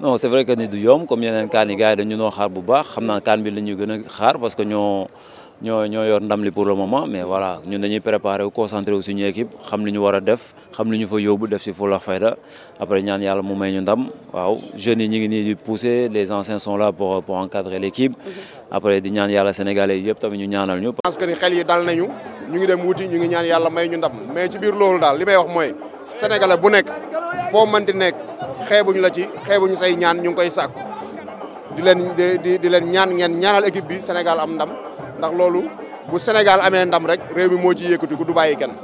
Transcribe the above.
non c'est vrai que nous sommes hommes, comme il y a gars parce que nous, nous, nous yor pour le moment mais voilà nous dañuy préparer wu concentrés wu suñu équipe xam li ñu def xam fa après nous jeunes nous les anciens sont là pour encadrer l'équipe après nous avons les sénégalais et tamit ñu ñaanal pense que ni dal mais sénégalais bu nekk foo mënti nekk xeebu ñu la ci xeebuñu say ñaan ñu ngi koy sàkku di leen di di leen ñaan ngeen ñaanal équipe bi Sénégal am ndam ndax loolu bu Sénégal amee ndam rek réew mi moo ci yëkkati ku du bàyyi kenn.